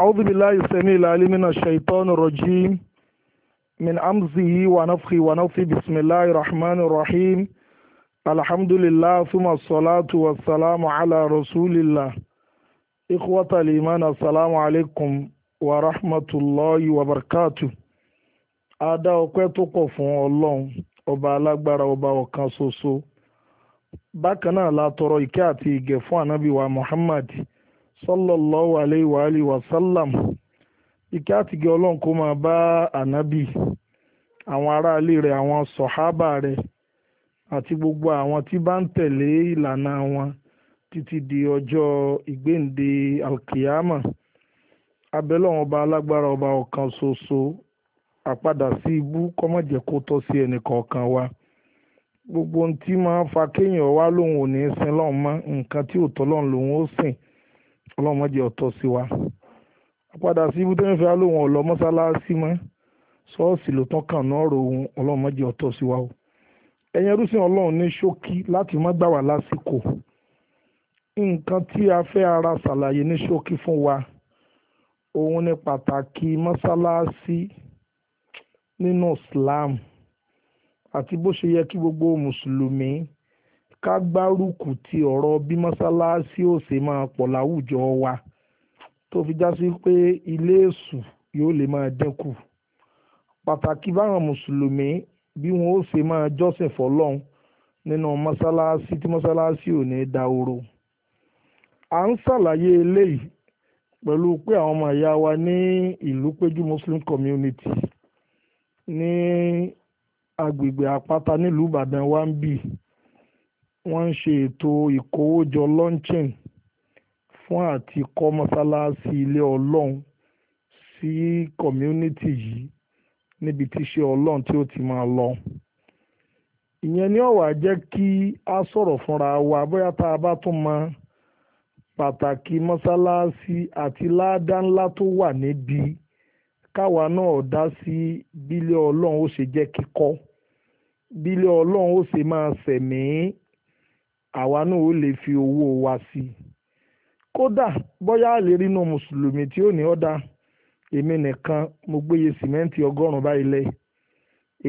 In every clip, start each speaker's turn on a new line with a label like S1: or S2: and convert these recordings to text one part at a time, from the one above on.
S1: أعوذ بالله السميع العليم من الشيطان الرجيم من أمزه ونفخه ونفخه بسم الله الرحمن الرحيم الحمد لله ثم الصلاة والسلام على رسول الله إخوة الإيمان السلام عليكم ورحمة الله وبركاته ada ọpẹ́ tó pọ̀ fún Ọlọ́run ọba alágbára ọba ọ̀kan ṣoṣo bákan náà la tọrọ ìkẹ́ àti ìgẹ̀ fún ànábì Muhammad sallallahu alayhi wa alihi wa sallam ìkẹ́ àtìgé ọlọ́run kó máa bá ànábì àwọn aráalé rẹ àwọn sọ̀hábà rẹ àti gbogbo àwọn tí bá ń tẹ̀lé ìlànà wọn títí di ọjọ́ ìgbéǹde alkiyama abẹ́lọ́wọ́n ọba alágbára ọba ọ̀kan ṣoṣo àpadà sí ibú kọ́mọ̀jẹ́ kó tọ́ sí wa gbogbo ohun tí fa kéèyàn wá lòun ò ní sin lọ́hùn mọ́ nǹkan tí òótọ́ lọ́hùn ọlọ́run mọ́jẹ́ ọ̀tọ̀ sí wa àpadà sí ibùdó ń fẹ́ alóhùn ọ̀lọ́ mọ́sálásí mọ́ ṣọ́ọ̀ṣì ló tán kàn náà ro ohun ọlọ́run mọ́jẹ́ ọ̀tọ̀ sí wa o ẹ̀yin ẹrúsìn ọlọ́run ní ṣókí láti má gbà wá lásìkò nǹkan tí a fẹ́ ara ṣàlàyé ní ṣókí fún wa òun ni pàtàkì mọ́sálásí nínú Islam àti bó ṣe yẹ kí gbogbo mùsùlùmí ká gbárùkù ti ọ̀rọ̀ bí mọ́sálásí ò ṣe máa pọ̀ láwùjọ wa tó fi já sí pé ilé èṣù yóò lè máa dínkù pàtàkì báwọn mùsùlùmí bí wọn ó ṣe máa jọ́sìn fọlọ́run nínú mọ́sálásí tí mọ́sálásí ò ní dahoro à ń ṣàlàyé eléyìí pẹ̀lú pé àwọn ọmọ ìyá wa ní ìlú péjú muslim community ní agbègbè àpáta nílùú ìbàdàn wa ń bì wọ́n ń ṣe ètò ìkówójọ launching fún àti kọ́ mọ́sálásí ilé ọlọ́run sí community yìí níbi tí iṣẹ́ ọlọ́run tí ó ti máa lọ ìyẹn ni ó wá jẹ́ kí a sọ̀rọ̀ fúnra wa bóyá tá a bá tún mọ pàtàkì mọ́sálásí àti láàdá ńlá tó wà níbi káwa náà dá sí bílẹ̀ ọlọ́run ó ṣe jẹ́ kíkọ́ bílẹ̀ ọlọ́run ó ṣe máa sẹ̀mí àwa náà ó lè fi owó wa sí i kódà bóyá a lè rí inú mùsùlùmí tí ó ní ọ̀dà èmi nìkan mo gbéye sìmẹ́ǹtì ọgọ́rùn-ún báyìí lẹ̀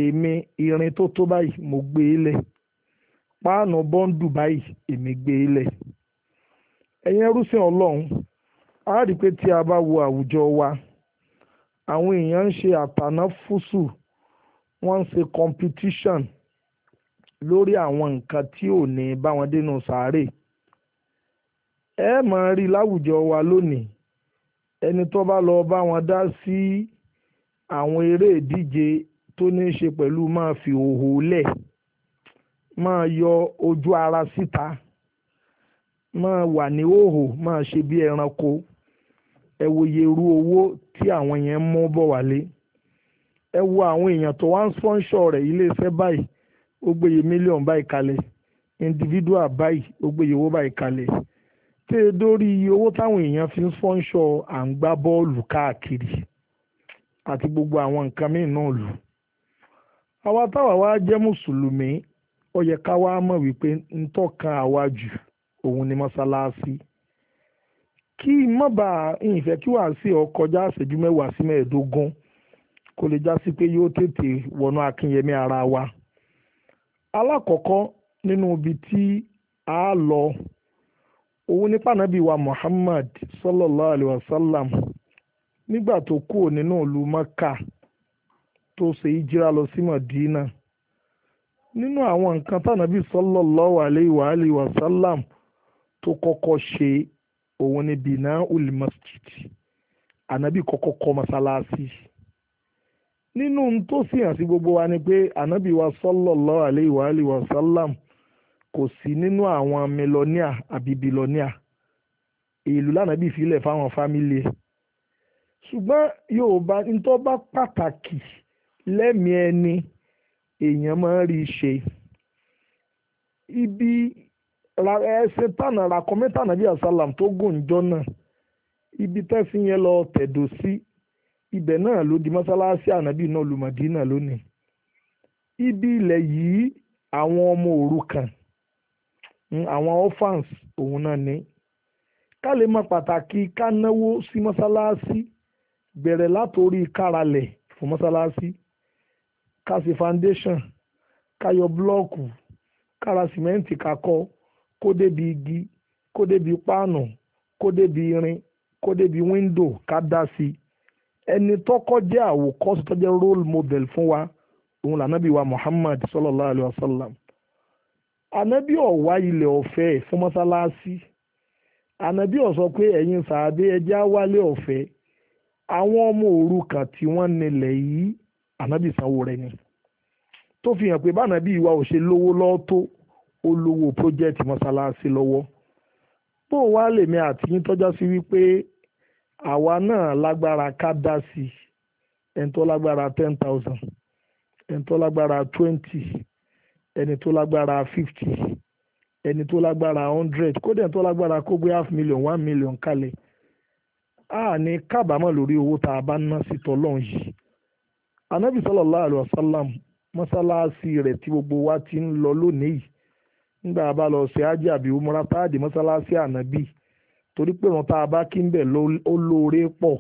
S1: èmi irin tó tó báyìí mo gbé e lẹ̀ páànù bọ́ńdù báyìí èmi gbé e lẹ̀ ẹ̀yin ẹrúsìn ọlọ́run a rí pé tí a bá wo àwùjọ wa àwọn èèyàn ń ṣe àtànáfùsù wọ́n ń ṣe competition lórí àwọn nǹkan tí ò ní bá wọn dénú sàárè ẹ máa rí láwùjọ wa lónìí ẹni tó bá lọ bá wọn dá sí àwọn eré ìdíje tó ní í ṣe pẹ̀lú máa fi òhò lẹ̀ máa yọ ojú ara síta máa wà ní òhò máa ṣe bí ẹranko ẹ wòye irú owó tí àwọn yẹn mú bọ̀ wálé ẹ wo àwọn èèyàn tó wá ń sponsor rẹ̀ iléeṣẹ́ báyìí ó gbéye mílíọ̀nù báyìí kalẹ̀ individual báyìí ó owo owó báyìí kalẹ̀ tẹ́ ẹ dórí èèyàn fi ń sponsor à ń gbá bọ́ọ̀lù káàkiri àti gbogbo àwọn nǹkan míì náà lù àwa táwa wá jẹ́ mùsùlùmí ó yẹ ká wá mọ̀ wípé ń tọ́ka àwa jù òun ni mọ́sálásí kí kí wàá sí ọ kọjá mẹ́wàá sí mẹ́ẹ̀ẹ́dógún lè já sí pé yóò tètè ara wa alákọ̀ọ́kọ́ nínú ibi tí a lọ òun ní pànábì wa Muhammad sallallahu alayhi wa sallam nígbà tó kúrò nínú ìlú Maka tó ṣe ìjírá lọ sí Madina nínú àwọn nǹkan tànàbí sallallahu alayhi wa alayhi wa sallam tó kọ́kọ́ ṣe òun ní masjid kọ́kọ́ kọ́ masalasi. nínú tó sì hàn sí gbogbo wa ni pé ànábì wa sallallahu alaihi wa alihi wa sallam kò sí nínú àwọn mélòníà àbí bìlọ́níà ìlú lánàbì filẹ̀ fáwọn fámìlì ẹ̀ ṣùgbọ́n yorùbá pataki bá pàtàkì lẹ́mìí ẹni èèyàn máa rí i ṣe ibi ẹsẹ tànà ràkọmẹ́tànà bíi àsálàm tó gùn jọ náà ibi tẹ́sí yẹn lọ tẹ̀dó sí ibẹ̀ náà ló di mọ́sálásí ànábì náà lu lónìí ibi ilẹ̀ yìí àwọn ọmọ òrukàn hmm, àwọn orphans òun náà ni ká lè mọ pàtàkì ká náwó sí mọ́sálásí bẹ̀rẹ̀ látòrí káralẹ̀ fún mọ́sálásí ká ṣe foundation ká yọ búlọ́ọ̀kù kára sìmẹ́ǹtì kakọ́ kó débi igi kó débi páànù kó débi irin kó débi wíńdò ká dá sí i ẹni tọkọ jẹ àwòkọ́ṣe tó role model fún wa òun lànàbí wa Muhammad sallallahu alayhi wa sallam ànàbí ọ̀wá ilẹ̀ ọ̀fẹ́ fún mọ́sálásí ànàbí ó sọ pé ẹ̀yin sàábé ẹjẹ́ wálé ọ̀fẹ́ àwọn ọmọ òrukàn tí wọn nílẹ̀ yìí ànàbí sanwó ni tó fi hàn pé bánàbí ìwà ò ṣe lówó lọ́ọ́tó ó project mọ́sálásí lọ́wọ́ bó wá lèmi àti yín tọ́já sí wípé àwa náà lágbára ká dá sí i ẹni tó lágbára ten thousand ẹni tó lágbára twenty ẹni tó lágbára fifty ẹni tó lágbára hundred kódà ẹni tó lágbára kó gbé half million one million kalẹ̀ a ní kábàámọ̀ lórí owó tá a bá ná sí tọ́lọ́run yìí anabi sallallahu alayhi wa sallam mọ́sálásí rẹ̀ tí gbogbo wa ti ń lọ lónìí yìí nígbà bá lọ ṣe ájì àbí umra táàdì mọ́sálásí ànábì torí pé wọn tá a bá kí ń bẹ̀ ó lóore pọ̀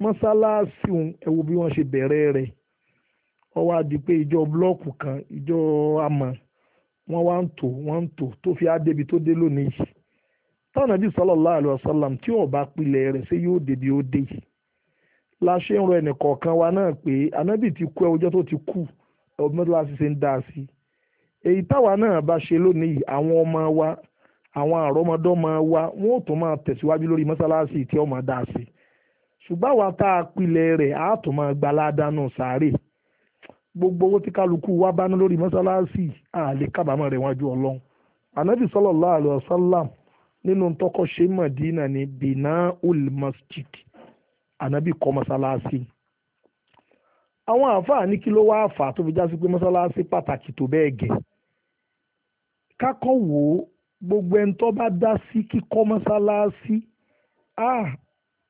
S1: mọ́sálásí ẹ wo bí wọ́n ṣe bẹ̀rẹ̀ rẹ̀ ó wá di pé ìjọ búlọ́ọ̀kù kan ìjọ amọ̀ wọ́n wá ń tò wọ́n ń tò tó fi á débi tó dé lónìí yìí tánàbí sallallahu alaihi wasallam tí ò bá pilẹ̀ rẹ̀ yóò débi ó dé yìí la ń rọ ẹnìkọ̀ọ̀kan wa náà pé anábì ti kú ẹ tó ti kú ọdún mọ́tò láti ṣe ń dá a sí èyí táwa náà bá ṣe lónìí àwọn ọmọ wa àwọn àrọ́mọdọ́mọ wa wọn ò tún máa tẹ̀síwájú lórí mọ́sálásí tí ọmọ dá sí ṣùgbọ́n àwa tá a pilẹ̀ rẹ̀ á tún máa gba aládánù sáré gbogbo owó tí kálukú wa bá ná lórí mọ́sálásí àlè kábàámọ̀ rẹ̀ wájú ọlọ́run anabi sallallahu alaihi wasallam nínú tọkọ ṣe mọ̀dínà ní bina ul masjid anabi kọ́ mọ́sálásí àwọn àáfàá ní kí ló wá fà tó fi já sí pé mọ́sálásí pàtàkì tó bẹ́ẹ̀ gẹ̀ kákọ́ wò ó gbogbo ẹni tó bá dá sí kíkọ́ mọ́sálásí ah,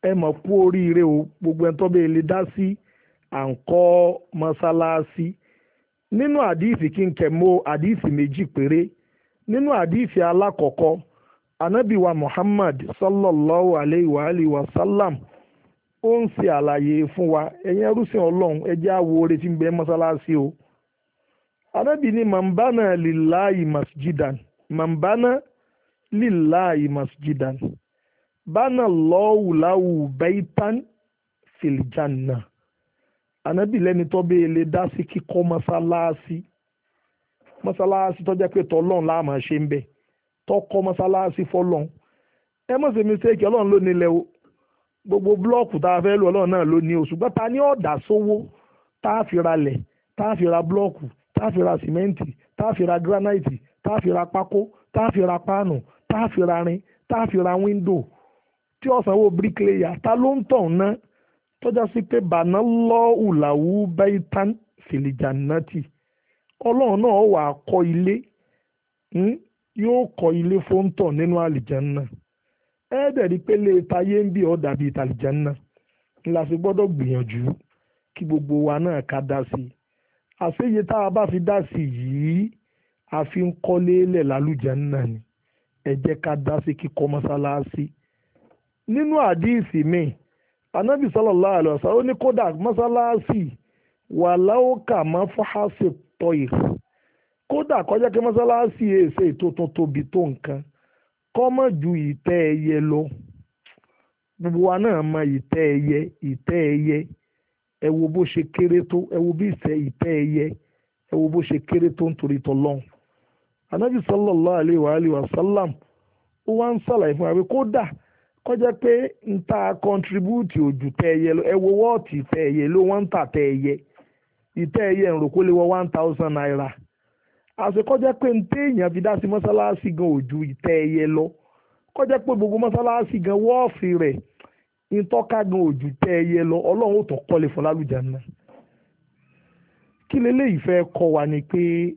S1: ẹ mọ̀ kú oríire o gbogbo ẹni tó bẹ́ẹ̀ lè dá sí à ń kọ́ mọ́sálásí nínú àdíìsì kí n kẹ̀mọ́ àdíìsì méjì péré nínú àdíìsì alákọ̀ọ́kọ́ anábìwa muhammad sallallahu alayhi wa alayhi wa sallam ó ń ṣe àlàyé fún wa ẹ̀yin ẹrúsìn ọlọ́run ẹjẹ́ àwo oore tí ń bẹ mọ́sálásí o anábì ní mambana lillahi masjidan mambana lillahi masjidan bana lọ́wù láwù baitan filijanna anabi lẹ́ni tó bẹ́ẹ̀ lè dá sí kíkọ́ mọ́sálásí mọ́sálásí tó jẹ́ pé tọ́lọ́n láàmú ṣe ń bẹ̀ tọ́kọ́ mọ́sálásí fọ́lọ́n ẹ mọ̀ sí mistake ọlọ́run ló nílẹ̀ o gbogbo búlọ́ọ̀kù tá a fẹ́ lò ọlọ́run náà ló ní o ṣùgbọ́n ta ni ọ̀dà sówó tá a fi ra lẹ̀ tá a fi ra búlọ́ọ̀kù tá a fi ra sìmẹ́ǹtì tá a fi ra gíránáìtì tá ra pákó tá a fi ra páànù tá ra rin tá ra wíńdò tí ọ̀sánwó bíríkìlẹ̀yà ta ló ń tàn ná tọ́já sí pé bàná lọ́ọ̀hù làwù baitan fìlìjànàtì ọlọ́run náà wà á kọ́ ilé hmm, yóò kọ́ ilé fóńtọ̀ nínú àlìjánná ẹ̀ẹ́dẹ̀rí pé lè tayé ń bí ọ́ dàbí ìtàlìjánná la sì gbọ́dọ̀ gbìyànjú kí gbogbo wa náà ká dá sí àṣeyẹ tá bá fi dá sí yìí a fi ń kọ́lé lẹ̀ lálùjẹ́ náà ni ẹ jẹ́ ká dá sí kíkọ́ mọ́sálásí nínú àdíìsì mi anábì sallallahu alaihi wasallam ó ní kódà mọ́sálásí wà láwùkà má fọ́hásì tọ́yì kódà kọjá kí mọ́sálásí ju ìtẹ́ ẹyẹ lọ gbogbo wa náà mọ ìtẹ́ ẹyẹ ìtẹ́ ẹyẹ ẹ wo bó ṣe kéré tó ẹ wo bí ìtẹ́ anabi sallallahu alayhi wa alayhi wa sallam ó wá ń sàlàyé fún wa kódà kọjá pé ń ta kọntribúùtì òjò ẹyẹ ẹ wo wọ́ọ̀tì tẹ ẹyẹ ló wọ́n ń tà tẹ ẹyẹ ìtẹ ẹyẹ wọ naira àṣekọjá pé ń téèyàn fi dá sí mọ́sálásí gan òjò ìtẹ ẹyẹ lọ kọjá pé gbogbo mọ́sálásí gan wọ́ọ̀fì rẹ̀ ìtọ́ka gan tẹ ẹyẹ lọ ọlọ́run kọ́lé fún lálùjá náà kí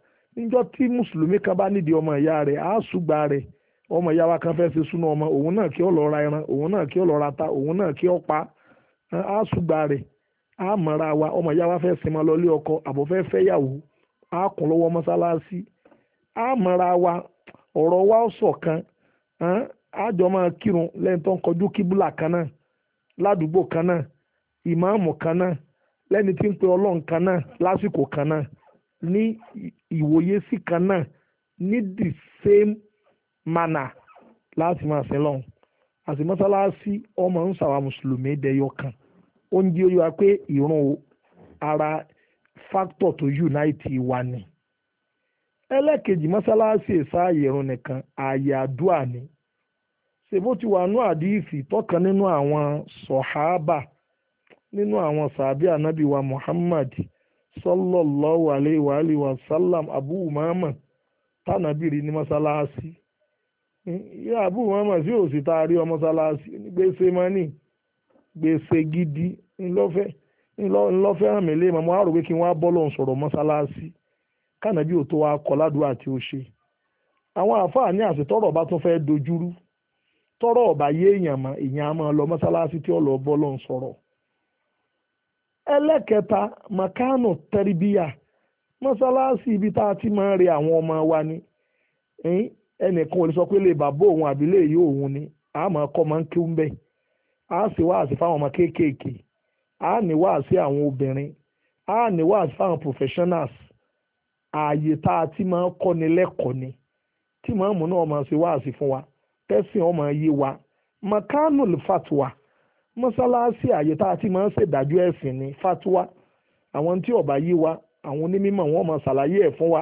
S1: níjọ́ tí mùsùlùmí kan bá nídìí ọmọ ìyá rẹ̀ á ṣùgbà rẹ̀ ọmọ ìyá wa kan fẹ́ ọmọ òun náà kí ó lọ ra ẹran òun náà kí ó lọ òun náà kí ó pa á ṣùgbà rẹ̀ á mọ̀ra wa ọmọ ìyá wa fẹ́ sinmi ọkọ àbò fẹ́ fẹ́yàwó á kún lọ́wọ́ wa ọ̀rọ̀ wa ó á jọ kan náà ládùúgbò kan náà ìmáàmù kan náà lẹ́ni tí ń kan náà lásìkò kan náà ní ìwòye sí kan náà ní the same manner láti máa sin lọ́hùn àti mọ́sálásí ọmọ ń sàwà mùsùlùmí dẹyọ kan ó ń jí oyúwa pé ìrun ara factor tó unite wa ni ẹlẹ́kejì mọ́sálásí ìsáàyè ìrun nìkan ààyè àdúà ni ṣèbó ti wà nú àdíìsì tọ́kan nínú àwọn sọ̀háábà nínú àwọn sàbí ànábì wa Muhammad sallallahu alayhi wa alayhi wa sallam abu umama tánàbìrì ní si yíyá abu umama sí gidi nlofe nlofe amele ma lé màmú àrò pé kí wọ́n á bọ́ lọ́n sọ̀rọ̀ mọ́sálásí kánàbí wa tọrọ ọba tún dojuru tọrọ ọba ẹlẹ́kẹta makano tẹríbíyà mọ́sálásí ibi tá ti máa ń re àwọn ọmọ wa ni ẹnìkan ò lè sọ pé lè bàbá òun ni a máa kọ́ máa ń kí ń bẹ̀ a sì wáàsí fáwọn ọmọ kéékèèké a ní wáàsí àwọn obìnrin a ní wáàsí fáwọn professionals ààyè tá a ti máa ń kọ́ni lẹ́kọ̀ọ́ ni tí màámù náà máa ṣe wáàsí fún wa ọmọ yé wa mọ́sálásí àyè tá a ti máa ń ṣèdájọ́ ẹ̀sìn ní fatuwa àwọn tí ọba yé wa àwọn onímọ̀ wọn máa ṣàlàyé ẹ̀ fún wa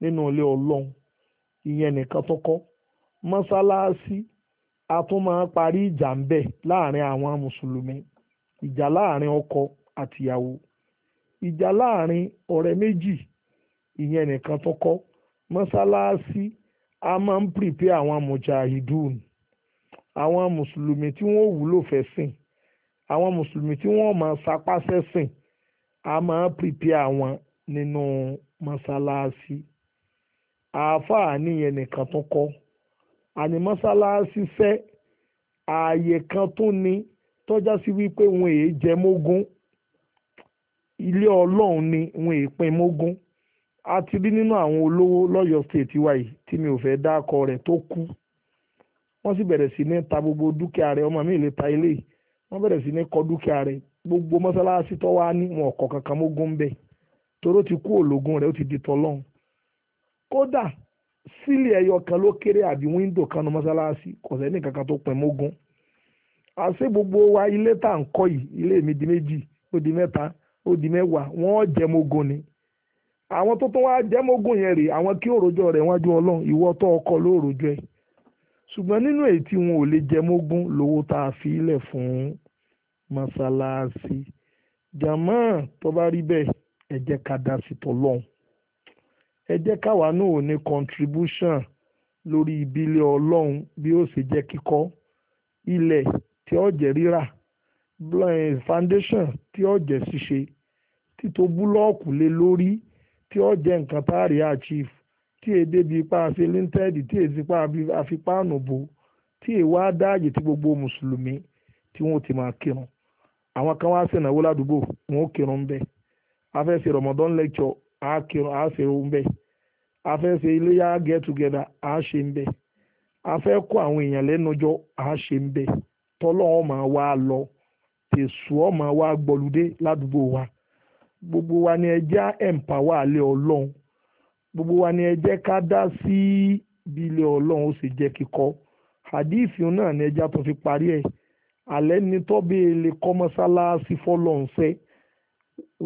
S1: nínú ilé ọlọ́run ìyẹn nìkan tó kọ́ mọ́sálásí a tún máa parí ìjà ń bẹ láàrin àwọn mùsùlùmí ìjà láàrin ọkọ àtìyàwó ìjà láàrin ọ̀rẹ́ méjì ìyẹn nìkan tó mọ́sálásí a máa ń pèpè àwọn mujahideen àwọn mùsùlùmí tí wọ́n wúlò fẹ́ sìn àwọn mùsùlùmí tí wọ́n máa sapá sẹ́sìn a máa pìpìà àwọn nínú mọ́ṣáláṣí àáfàá nìyẹn nìkan tó kọ́ àní mọ́ṣáláṣí fẹ́ ààyè kan tó ní tọ́já sí wípé wọn èé jẹ mógún ilé ọlọ́run ni wọn èé pin mógún a ti rí nínú àwọn olówó lọ́yọ̀ọ́ state wa yìí tí mi ò fẹ́ dákọ rẹ̀ tó kú wọ́n sì bẹ̀rẹ̀ sí ní ta gbogbo dúkìá rẹ̀ ọmọ mi lè ta ilé wọ́n bẹ̀rẹ̀ sí ní kọ dúkìá rẹ̀ gbogbo mọ́sálásí tó wá ní wọn ọ̀kọ̀ kankan mógún ń bẹ̀ ti kú òlògùn rẹ̀ ó ti di tọ́lọ́n kódà sílẹ̀ ẹyọ kan ló kéré àbí wíńdò kan nu mọ́sálásí kò sẹ́ni kankan tó pẹ̀ gbogbo wa ilé tá à ń ilé mi di méjì ó di mẹ́ta ó di mẹ́wàá wọ́n jẹ́ mógún ni àwọn tó tún wá jẹ́ mógún yẹn ṣùgbọ́n nínú èyí tí wọn ò lè jẹ mógún lówó tá a fi ilẹ̀ fún mọ́ṣáláṣí jàmọ́ tó bá rí bẹ́ẹ̀ ẹ jẹ́ ká dá sí tọ́lọ́hún ẹ jẹ́ káwa náà ò ní contribution lórí ìbílẹ̀ ọlọ́run bí ó ṣe jẹ́ kíkọ́ ilẹ̀ tí ó jẹ́ rírà foundation tí ó jẹ́ ṣíṣe títò búlọ́ọ̀kù lé lórí tí ó nǹkan tá a rí achieve tí èdè bíi pa àfi líńtẹ́ẹ̀dì tí èdè pa àfi páànù bo tí èwà dáàyè tí gbogbo mùsùlùmí tí wọ́n ti máa kírun àwọn kan wá sìnàwó ládùúgbò wọn ó kírun ń bẹ afẹ́ ṣe Ramadan lecture á kírun á ṣe ń bẹ afẹ́ ṣe iléyà get together á ṣe ń bẹ afẹ́ kó àwọn èèyàn lẹ́nujọ́ á ṣe ń bẹ tọ́lọ́wọ́n máa wá lọ tèṣù ọ́ máa wá gbọ́lùdé ládùúgbò wa gbogbo wa ni ẹ já ẹ̀ǹpà wà lé ọlọ́run gbogbo wa ni ẹ jẹ́ ká dá sí bí ilé ó sì jẹ́ kíkọ́ hadithi náà ni ẹja tó fi parí ẹ̀ alẹ́ ni tọ́bi kọ́ mọ́sálásí fọlọ́ǹsẹ́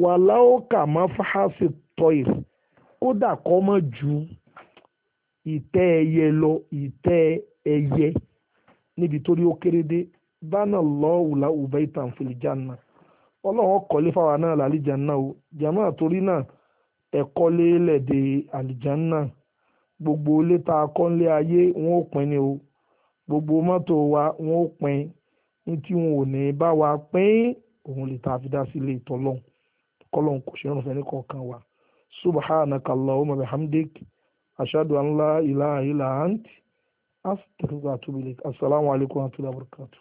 S1: wàhálà ó kà má fáhásì tọ́yìr kódà kọ́ mọ́ ju ìtẹ́ ẹyẹ lọ ìtẹ́ ẹyẹ níbi torí ó kéré dé bánà ìtàn fìlìjà náà ọlọ́run ọkọ̀ lé fáwọn náà làlìjà náà o náà ẹ̀kọ́ lélẹ̀dẹ̀ àlìjánná gbogbo leta tá a ayé wọn ò ni o gbogbo mọ́tò wa wọn ò pín ní tí wọn ò ní bá wa pín òun lè ta sí ilé ìtọ́lọ́hún kọ́lọ́hún kò ṣe wa subahana allahumma bihamdik